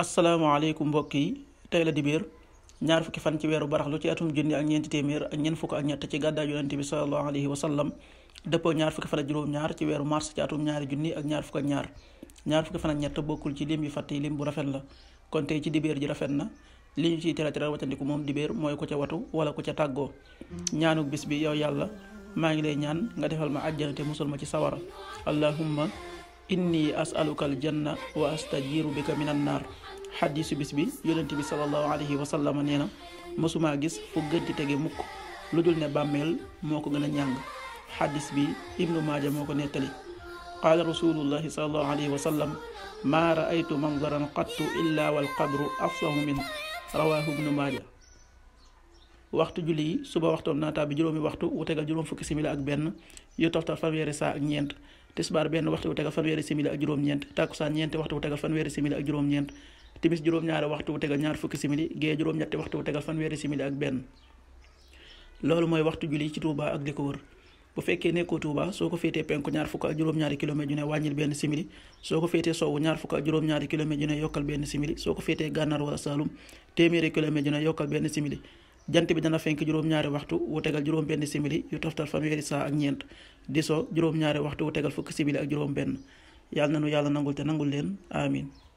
asalaamaaleykum mbokk yi tey la dibéer ñaar fukki fan ci weeru barax lu ci atum junni ak ñeenti téeméer ak ñeent fukk ak ñett ci gàddaay yonente bi salallahu alayhi wa sallam dëppoo ñaar fukki fan ak juróom-ñaar ci weeru mars ci atum ñaari junni ak ñaar fukk ak ñaar ñaar fukki fan ak ñett bokkul ci lim yi fàtte lim bu rafet la kon tey ci dibéer ji rafet na li ñu ciy tere tere watandiku moom dibéer mooy ko ca watu wala ko ca tàggoo ñaanuk bis bi yow yàlla maa ngi lay ñaan nga defal ma àjjana te musul ma ci sawara allahumma inni asaluka aljanna wa astajiru bika min annaar xaddisu bis bi yonent bi sallallahu alayhi wa sallam nee na mësumaa gis fu gën di mukk lu dul ne bàmmeel moo ko gën a ñàng xaddis bi ibnu maaja moo ko nettali qaala rasulullahi sallallahu alayhi wa sallam maa raaytu manzaran qattu illa wal qabru afsahu min rawaahu ibnu maaja waxtu julli yi suba waxtoom naata bi juróomi waxtu wu tegal juróom fukki simila ak benn yu toftal fanweeri saa ak ñeent tisbaar benn waxtu wu tegal fanweeri simila ak juróom-ñeent takkusaan wu tegal fanweeri simila ak juróom timis juróom-ñaari waxtu wu tegal ñaar fukki simili gee juróom-ñetti waxtu wu tegal fanweeri simili ak benn loolu mooy waxtu ci Touba ak li ko bu fekkee nekkoo Touba soo ko féetee penku ñaar fukk ak ñaari kilomètre yu ne wàññil benn simili soo ko féetee sowwu ñaar fukk ak juróom-ñaari kilomètre yu ne yokkal benn simili soo ko féetee gànnaar wala Saalum téeméeri kilomètre yu ne yokkal jant bi dana fenk juróom-ñaari waxtu wu tegal juróom-benn simili yu toftal fanweeri saa ak ñeent di so juróom-ñaari waxtu wu tegal fukki simili ak juróom-benn yàlla na nu yàlla nangul te nangul leen amin